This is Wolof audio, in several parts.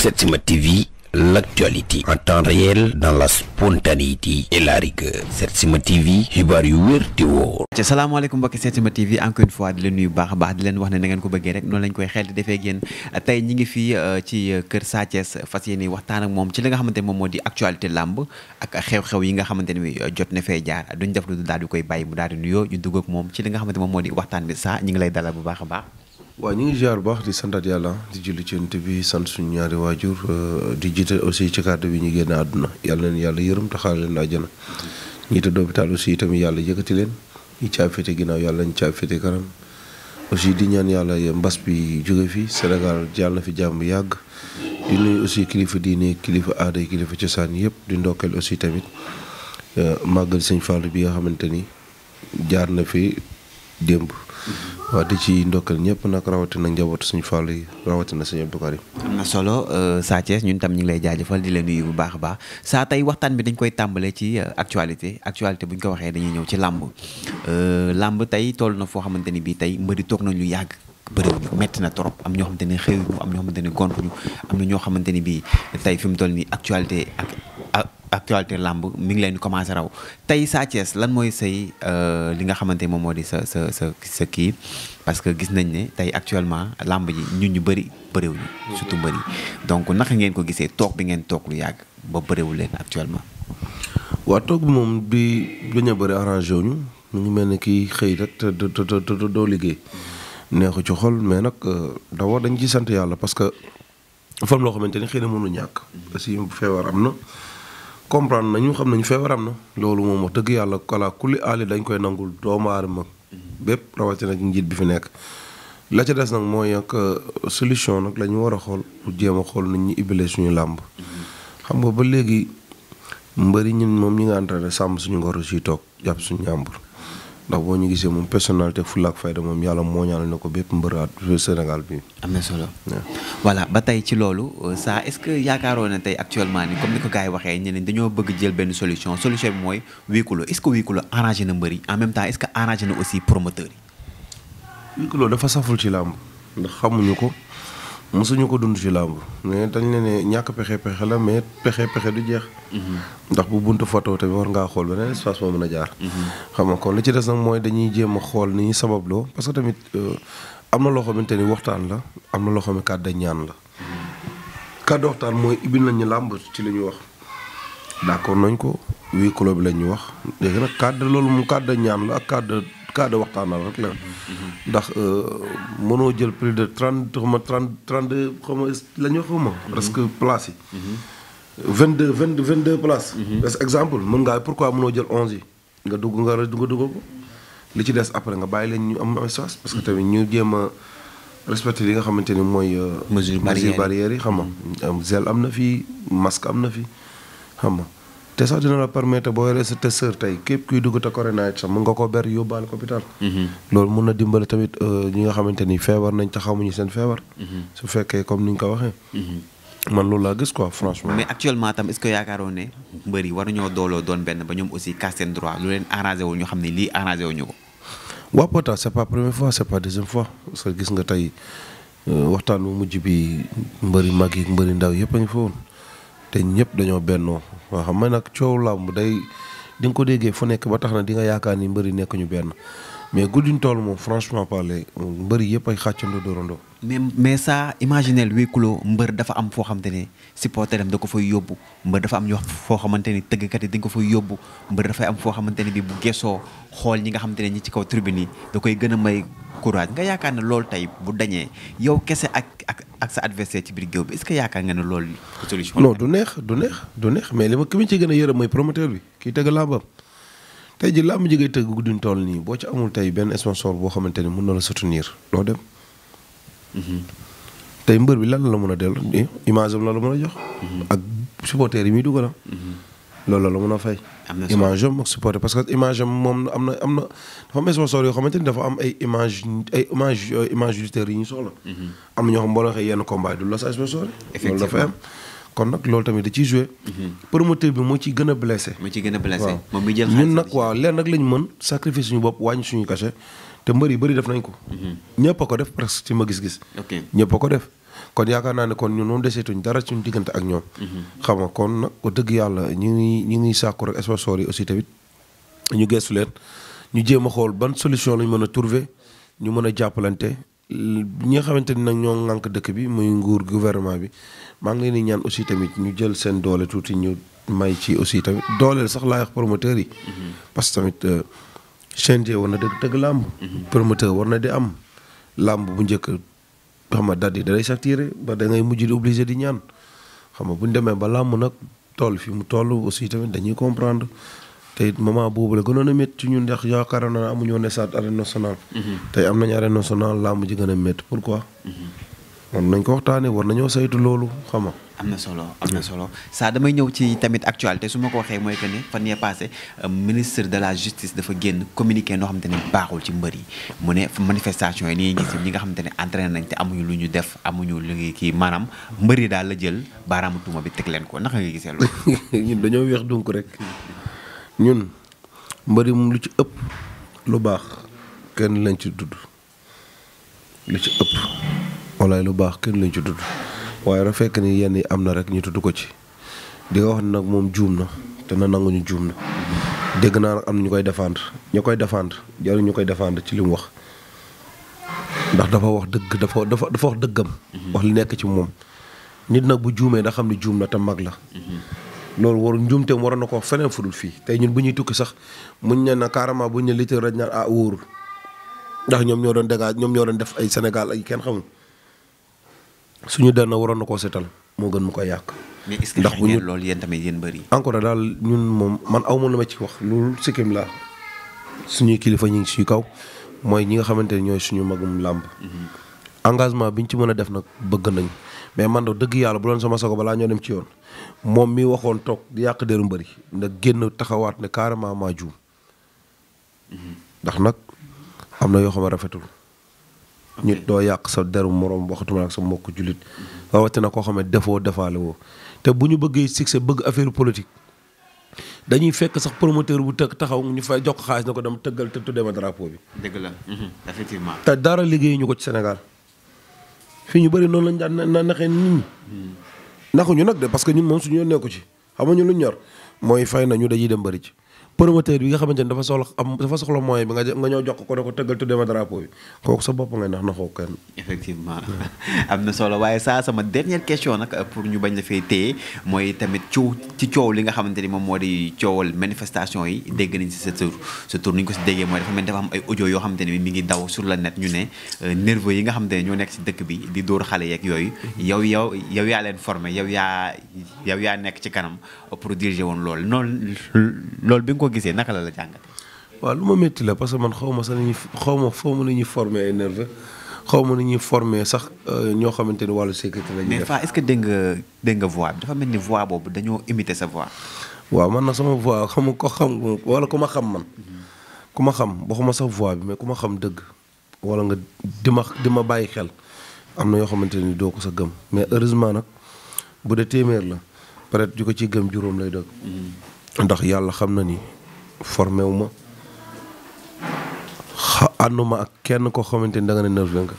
Setsima TV l'actualité en temps réel dans la spontanéité et la rigueur Setsima TV xibaar yu wér di wóor ci salaamaaleykum mbokki Setsima TV encore une leen wax ne na ngeen ko bëggee rek noonu lañ koy xel di defee ngeen tey ñi ngi fii euh, ci euh, kër Sa Thiès fas yéene waxtaan moom ci li nga xamante moom moo di actualité làmb ak xew-xew yi nga xamante ne euh, jot na fee jaar duñ def lu daal di koy bàyyi mu daal di nuyoo ñu dugg moom ci li nga xamante moom moo di waxtaan bi saa ñi ngi lay dalal bu baax a baax waaw ñu ngi ziar bu baax di santaat yàlla di julli ci bi sant suñu ñaari waajur euh, di jiital aussi ci kàddu bi ñu génn àdduna yàlla leen yàlla yërëm te xaar leen àjjana ñi tëdd hôpital aussi tamit yàlla yëkkati leen ñi caafete ginnaaw yàlla ñu caafete kanam aussi di ñaan yàlla mbas bi jóge fi Sénégal jàll na fi jàmm yàgg di nuyu aussi kilifa diine kilifa aada kilifa cosaan yëpp di ndokkeel aussi tamit euh, màggal sëñ Fallu bi nga xamante ni jaar na fi démb Mm-hmm. waaw di ci ndokkal ñëpp nag rawatina njabootu suñu fàll yi rawatina suñu Abdou Karim am na solo euh, Sa Thiès ñun tam ñu ngi lay jaajëfal di leen nuyu bu baax a baax saa tey waxtaan bi dañu koy tàmbale ci euh, actualité actualité bu ñu ko waxee dañuy ñëw ci làmb euh, làmb tey toll na foo xamante ni bii tey mbëri toog nañ ñu yàgg bëriwuñu metti na trop am ñoo xamante ne xëyuñu am ñoo xamante ne gontuñu am na ñoo xamante ni bii tey fi mu toll nii actualité actualité làmb mi ngi leen di commencé raw tey Sa Thiès lan mooy say euh, li nga xamante moom moo di sa sa sa kii parce que gis nañ ne tey actuellement làmb ji ñun ñu bëri bëriwuñu surtout mbër yi donc naka ngeen ko gisee toog bi ngeen toog lu yàgg ba bëriwul leen actuellement waa toog bi moom di dañu bëri arrangé wuñu mu ngi mel ni kii xëy rek te te doo liggéey neexu ci xol mais nag euh, d'abord dañ ciy sant yàlla parce que fam loo xamante ni xëy na mënu ñàkk si feebar am na comprendre nañu xam nañu feebaram na loolu moom wax tëgg yàlla kala kulli aali dañ koy nangul doomu aadama bépp rawatina ak njiit bi fi nekk la ca des nag mooy ak euh, solution nag la war a xool pour jéem a xool nit ñu ibile suñu làmb xam nga ba léegi mbëri ñun moom ñi nga entraîné sàmm suñu ngoro si toog jàpp suñu ñàmbur ndax boo ñu gisee moom personnalité fulaak fayda moom yàlla moo ñaanal na ko bépp mbëraat Sénégal bi am solo voilà ba tey ci loolu euh, ça est-ce que yaakaaroon na tey actuellement ni comme ni ko gars yi waxee ñeneen dañoo bëgg jël benn solution solution bi mooy huis clos est-ce que huis clos arrangé na mbër yi en même temps est-ce que arrangé na aussi promoteur yi huis clos dafa saful ci làmb ndax xamuñu ko mësuñu ko dund ci làmb mais dañ ne ne ñàkk pexe pexe la mais pexe pexe du jeex. Mhm. ndax bu buntu photo tamit war ngaa xool beneen espace boo mën a jaar. Mhm. xam nga kon li ci des nag mooy dañuy jéem a xool ni ñuy sababloo parce que tamit euh, am na loo xamante ni waxtaan la am na loo xam ne kàddu ñaan la. Mhm. kàddu waxtaan mooy ibbi nañu làmb ci li ñu wax d'accord nañ ko wii club lañ ñu wax léegi nag kàddu loolu mu kàddu ñaan la ak kàddu. cas de waxtaanal rek la. ndax euh, mënoo jël plus de trent xaw ma trente trente deux xaw ma la ñu xaw ma. Mhm. presque place yi. Mhm. vingt deux vingt deux vingt deux places. parce mhm. que exemple mën ngaa pourquoi mënoo jël onze yi nga dugg nga nga dugg ko li ci des après nga bàyyi leen ñu am espace parce que tamit ñu jéem a respecté li nga xamante ni mooy. Euh, mesure barrière yi xam nga. gel am na fii masque am na fi xam te sax dina la permettre boo yoree sa testeur tey képp kuy dugg te corona it sax mun nga koo ber yóbbaale ko hôpital. Mhm. loolu mun na dimbali tamit euh, ñi nga xamante ni feebar nañ te xamuñu seen feebar. Mhm. su fekkee comme ni nga ko waxee. Mhm. man loolu laa gis quoi franchement. mais actuellement tam est ce que yaakaaroon ne mbër war nañoo dooloo doon benn ba ñoom aussi casse seen droit lu leen arrangé wul ñu xam ne lii arrangé wuñu ko. waaw pourtant c' est fois c' est deuxième fois parce gis nga tey euh, waxtaan bu mujj bi mbëri mag yi mbëri ndaw yëpp a ngi te ñëpp dañoo bennoo waa xam nga nag coow làmb day di ko déggee fu nekk ba tax na di nga yaakaar ni mbëri nekk ñu benn mais Gouding Toll moom franchement parler mbër yëpp ay xàccandoo dóorandoo. mais mais ça imaginez le huis clos mbër dafa am foo xamante ne supporteram da ko fay yóbbu mbër dafa am ñu foo xamante ni tëggkat yi dañ ko fay yóbbu mbër dafay am foo xamante ne bi bu geesoo xool ñi nga xamante ne ñi ci kaw tribune yi da koy gën a may courage nga yaakaar ne loolu tey bu dañee yow kese ak ak ak sa adversaire ci biir géew bi is ce que yaakaar nga ne loolu solution du neex du neex du li ma ki ci gën a yërëm mooy promoteur bi kii tëgg làmbam tey ji làmb ji ngay tëgg gudduñ toll nii boo ci amul tey benn sponsor boo xamante ni mën na la soutenir doo dem. Mhm. tey mbër bi lan la mën a dellu image am la la mën a jox. Mhm. ak supporters yi muy dugal ah. mhm. loolu la la mën a fay. image am ak supporter parce que image moom am na am na dafa am yoo xamante ni dafa am ay image ay image image auditeurs yi ñu soxla. am na ñoo xam boo la waxee yenn combat du la sa sponsor. effectivement loolu dafa am. kon nag loolu tamit da ciy joué. Mhm. promoteur bi moo ciy gën a blessé. moo ciy gën a blessé moom mi jël ñun nag waaw leen nag lañ mën sacrifice ñu bopp wàññi suñu cachet te mbër yu bëri def nañ ko. Mhm. ñëpp a ko def presque ci ma gis-gis. ok ñëpp a ko def. kon yaakaar naa ne kon ñu noonu deseetuñ dara suñu diggante ak ñoom. Mhm. xam nga kon nag ko dëgg yàlla ñu ngi ñu ngi sàkku rek sponsor yi aussi tamit ñu gëstu leen ñu jéem a xool ban solution lañ mën a trouver ñu mën a jàppalante ñi nga xamante ni nag ñoo ŋànk dëkk bi muy nguur gouvernement bi maa ngi leen di ñaan aussi tamit ñu jël seen doole tuuti ñu may ci aussi tamit dooleel sax laay wax promoteur yi. Mm-hmm. parce que tamit euh, CNG war na dëgg dëgg làmb. Mm-hmm. promoteur war na di am làmb bu njëkk xam nga dat yi da lay sactiré ba dangay mujj di obligé di ñaan xam nga bu ñu demee ba làmb nag tool fi mu toll aussi tamit dañuy comprendre. te a métti ci ñun ndax woon stade arène nationale. Mhm. tey am nañu arène mhm. am na solo am na solo saa damay ñëw ci tamit actualité su ma ko waxee mooy que ne fan yee passé euh, ministre de la justice dafa génn communiqué noo xamante ne baaxul ci mbër yi mu ne manifestation yi nii gis ñi nga xamante ne entraîné nañ te amuñu lu ñu def amuñu lu ngi kii maanaam mbër yi daal la jël baaraamu tuuma bi teg leen ko naka nga gisee loolu. ñun dañoo weex donc rek. ñun mbëri mu lu ci ëpp lu baax kenn lañ ci dudd lu ci ëpp walaay lu baax kenn lañ ci dudd waaye dafa fekk ni yenn yi am na rek ñu tudd ko ci di wax ne nag moom juum na te na nangu ñu juum na dégg naa am ñu koy défendre ñu koy défendre jarul ñu koy défendre ci li mu wax ndax dafa wax dëgg dafa dafa wax dëggam. Mhm. wax li nekk ci moom nit nag bu juumee ndax xam ne juum na te mag la. Mhm. loolu war njuumte waroon na ko feneen fudul fii tey ñun bu ñuy tukki sax muñ ne na carrément buñ ne litre rek ñaar ah wóorul ndax ñoom ñoo doon dégage ñoom ñoo doon def ay Sénégal ay kenn xamul suñu der na waroon na koo seetal moo gën mu koy yàq. ndax bu ñu loolu yéen tamit yéen bëri. encore daal ñun moom man aw ma lu ma ci wax loolu sikkim laa suñuy kilifa ñu ngi suñu kaw mooy ñi nga xamante ne ñooy suñu magum làmb mm-hmm. engagement bi biñ ci mën a def nag bëgg nañ mais man de dëgg yàlla bu doon sama sago balaa ñoo dem ci yoon moom mii waxoon toog di yàq deru mbëri na génn taxawaat ne carrément maa juum ndax nag am na yoo xam ne rafetul. nit doo yàq sa deru moroom waxatuma ak sa mbokk jullit na koo xam ne defoo defaale woo te bu ñu bëggee succès bëgg affaire politique. dañuy fekk sax promoteur bu tëgg taxaw ñu fay jox xaalis na ko dem tëggal te tuddee ma drapeau bi. la mhm. effectivement. te dara liggéey ko ci Sénégal. fii ñu bëri noonu lañ daan na naxee nit ñi hmm. naxuñu nag de parce que ñun moom suñu yoon nekku ci xam nga ñun lu ñor mooy fay nañu dañuy dem bëri ci promoteur bi nga xamante ni dafa soxla am bi nga jox ko ne ko tëggal tuddee ma drapeau bi kooku sa bopp ngay ndax na xoo kenn. effectivement am na solo waaye saa sama dernière question nag euh, pour ñu bañ la fay téye mooy tamit coow ci coow li nga xamante ni moom moo di coowal manifestation yi dégg nañ si sa tour sa tour ni ñu ko si déggee mooy dafa mel dafa am ay audio yoo xamante ni mi ngi daw sur la net ñu ne euh, nerveux yi nga xamante ne ñoo nekk si dëkk bi di dóor xale yeeg yooyu mm-hmm. yow yow yow yaa leen formé yow yaa yow yaa nekk ci kanam pour woon loolu noonu ko gisee la la jàngat waaw lu ma métti la parce que man xaw ma sax nañu xaw ma foo ma nañuy former ay nerveux xaw ma nañuy former sax euh, ñoo xamante ni wàllu sécurité la ñuy def mais Fa est-ce que dégg nga dégg bi dafa mel ni voix boobu dañoo imiter sa voix waaw man na sama voix xam ko xam wala ku ma xam man mm-hmm. ku ma xam waxuma sax voix bi mais ku ma xam dëgg wala nga di ma di ma bàyyi xel am na yoo xamante ni doo ko sa gëm mais heureusement nag bu dee téeméer la peut-être ju ko ciy gëm juróom lay dëgg mm-hmm. ndax yàlla xam formé wu ma xa ànduma ak kenn koo xamante ni da nga ne neuf vingt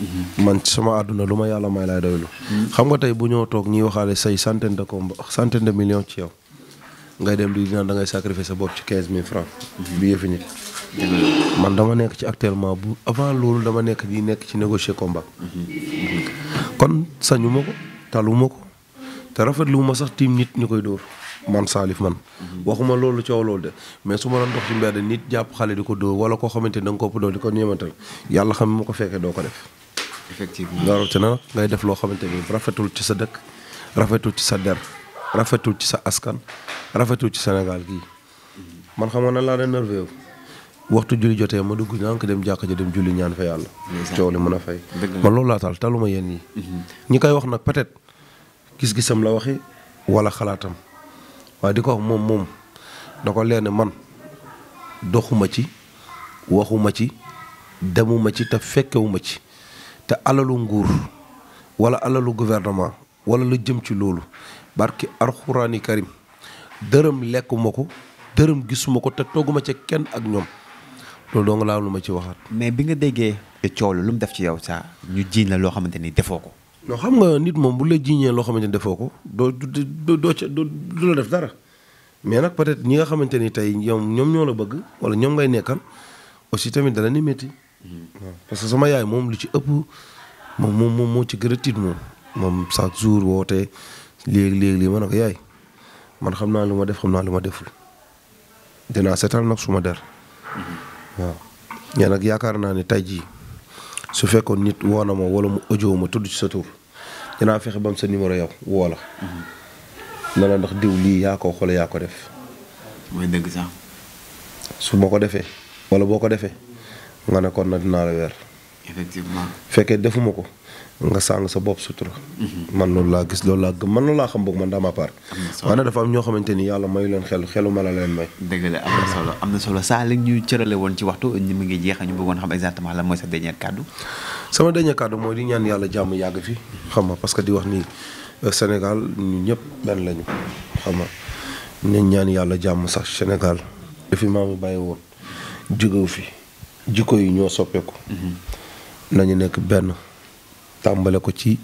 mm-hmm. man sama àdduna lu ma yàlla may laay doylu xam nga tey bu ñoo toog ñuy waxaale say centaine de combat centaine de millions ci yow ngay dem di dinaan da ngay sacrifier sa bopp ci quinze mille francs mm-hmm. bi yëfi nit mm-hmm. man dama nekk ci actuellement bu avant loolu dama nekk di nekk ci négocier combat kon sañuma ko taluma ko te rafetlu ma sax tiim nit ñu koy dóor man Salif man. Mhm. waxuma loolu coow loolu de mais su ma doon dox ci mbedd nit jàpp xale di ko dóor wala koo xamante ni da nga ko doon di ko ñeemantal yàlla xam ne ma ko fekkee doo ko def. effectivement rawatina ngay def loo xamante ni rafetul ci sa dëkk rafetul ci sa der rafetul ci sa askan rafetul ci senegal gii mhm. man xam nga nan laa nerveux waxtu julli jotee ma dugg ñànk dem jàkka ja dem julli ñaan fa yàlla. coow li mën a fay. ma loolu laa taal taluma yéen ñi. Mhm. ñu koy wax nag peut-être gis-gisam la waxi wala xalaatam. waaye di ko moom moom da ko leen man doxuma ci waxuma ci demuma ci te fekkewuma ci te alalu nguur wala alalu gouvernement wala lu jëm ci loolu barki alxuraani karim dërëm lekkuma ko dërëm gisuma ko te togguma ci kenn ak ñoom loolu doo nga laa lu ma ci waxaat mais bi nga déggee coow lu mu def ci yow saa ñu jiiñ la loo xamante ni defoo ko non xam nga nit moom bu la jiiñee loo xamante ni defoo ko doo doo doo du def dara mais nag peut-être ñi nga xamante ni tey ñoom ñoom ñoo la bëgg wala ñoom ngay nekkan aussi tamit dala ni métti. Mm-hmm. parce que sama yaay moom lu ci ëpp moom moom moo ci gën a tiit moom. moom chaque jour woote léeg-léeg lii ma ne ko yaay man xam naa lu ma def xam naa lu ma deful dinaa seetal nag su ma der mm-hmm. waaw. nag yaakaar naa ni tey jii su fekkoon nit woo na ma wala mu audio ma tudd ci sa tur dinaa fexe bam sa numéro yow woo la. Mm-hmm. na la ndax diw lii yaa koo xoole yaa ko def. mooy dëgg su ma ko defee wala boo ko defee nga ne kon na dinaa la weer. fekkee defuma ko. nga sàng sa bopp sutura. man loolu laa gis loolu laa gëm man loolu laa xam boog man dama part. am na dafa am ñoo xamante ni yàlla mayu leen xel xelu ma la leen may. dëgg la am na am na solo saa li ñu woon ci waxtu ñu mu ngi jeex ñu bëggoon xam exactement lan mooy sa dernier kàddu. sama dernier kàddu mooy di ñaan yàlla jàmm yàgg fi xam nga parce que di wax ni euh, Sénégal ñu ñëpp benn lañu xam ma nañ ñaan yàlla jàmm sax Sénégal. fi maamu bàyyi woon jógewu fi jikko yi ñoo soppeeku. Mm-hmm. nañu nekk benn. tàmbale ko ci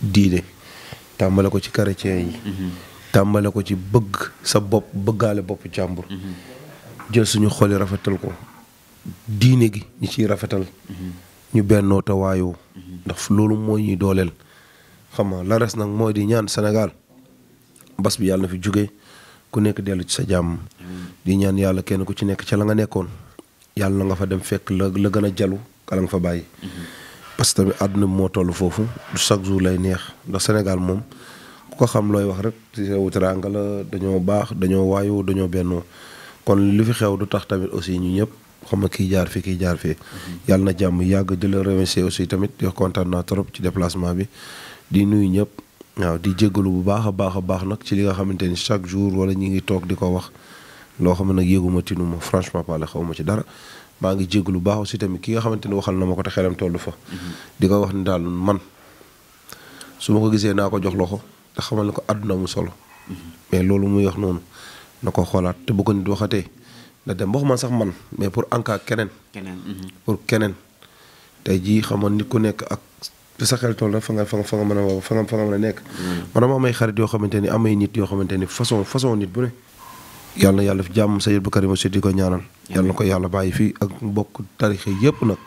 diine tàmbale ko ci chrétien yi mhm. tàmbale ko ci bëgg sa bopp bëggaale bopp jàmbur mhm. jël suñu xol yi rafetal ko diine gi ñu ciy rafetal mhm. ñu bennoo waayoo ndax loolu moo ñuy dooleel xam nga la res nag mooy di ñaan Sénégal bas bi yàlla na fi jóge ku nekk dellu ci sa jàmm di ñaan yàlla kenn ku ci nekk ca la nga nekkoon yàlla na nga fa dem fekk la la gën a jalu kala nga fa bàyyi si tamit àdduna bi moo tollu foofu du chaque jour lay neex ndax Sénégal moom ku ko xam looy wax rek ci réewu teraanga la dañoo baax dañoo waayu dañoo bennoo kon li fi xew du tax tamit aussi ñu ñëpp xam nga kii jaar fi kii jaar fi mm-hmm. yàlla na jàmm yàgg di la remercier tamit di kontaan trop ci déplacement bi di nuyu ñëpp waaw di jéggalu bu baax a baax a baax nag ci li nga xamante ni chaque jour wala ñu ngi toog di ko wax loo xam ne nag yëguma tinuma franchement parler xaw ma ci dara maa ngi jégalu baax aussi tamit ki nga xamante ni waxal na ma ko te xelam tollu fa. Mm-hmm. di ko wax ni daal man su ma ko gisee naa ko jox loxo te xamal ne ko àdduna mu solo. Mm-hmm. mais loolu muy wax noonu na ko xoolaat te bu ko nit waxatee na dem waxuma sax man mais pour en keneen. Mm-hmm. pour keneen te jii xam nga nit ku nekk ak. te sa xel tool na fa nga fa nga fa a fa nga fa a nekk. man dama am ay xarit yoo xamante ni am ay nit yoo xamante ni façon façon nit bu ne. yàlla yàlla fi jàmm Seydi Abdou Karim Sy di ko ñaanal. yàlla na ko yàlla bàyyi fii ak mbokk tarixe yëpp nag.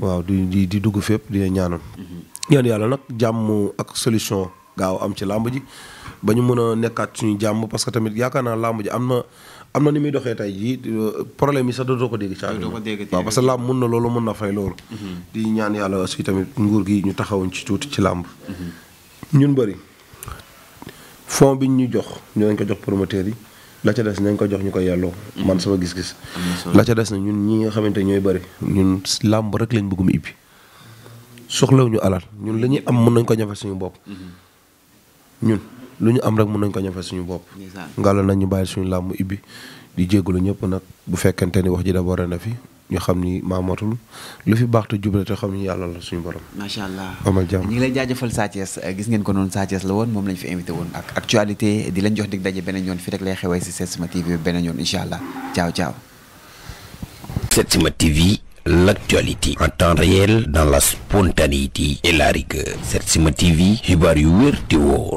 waaw di di dugg fépp di ñaanal. ñaan mm-hmm. yàlla nag jàmm ak solution gaaw am ci làmb ji ba ñu mën a nekkaat suñu jàmm parce que tamit yaakaar naa làmb ji am na am na ni muy doxee tey jii euh, problème yi sax dootoo ko dégg. dootoo ko dégg waaw que làmb mun na loolu mun na fay loolu. Mm-hmm. di ñaan yàlla aussi tamit nguur gi ñu taxawuñ ci tuuti ci làmb. Mm-hmm. ñun bëri fond bi ñu jox ñoo ñu ko jox promoteurs yi. la ca des nañ ko jox ñu ko yelloo. man sama gis-gis. la ca des na ñun ñi nga xamante ñooy bari ñun làmb rek lañ bëggum ibbi soxlawuñu alal ñun li ñuy am mën nañ ko ñafe suñu bopp. Mm-hmm. lu ñu am rek mun nañ ko ñafe suñu bopp. ngalla nañ ñu bàyyi suñu làmb ibbi di jégalu ñëpp nag bu fekkente ni wax ji d'abord na fi. ñu xam ni maamatul lu fi baax te jubale te xam ni yàlla la suñu borom. macha allah amal jàmm ñu ngi lay jaajëfal Sa gis ngeen ko noonu la woon moom lañ fi invité woon ak actualité di leen jox dig daje beneen yoon fi rek lay xewee si Setsima TV beneen yoon incha allah ciao ciao. Setsima TV. l'actualité en temps réel dans la spontanéité et la rigueur Setsima TV xibaar yu wér te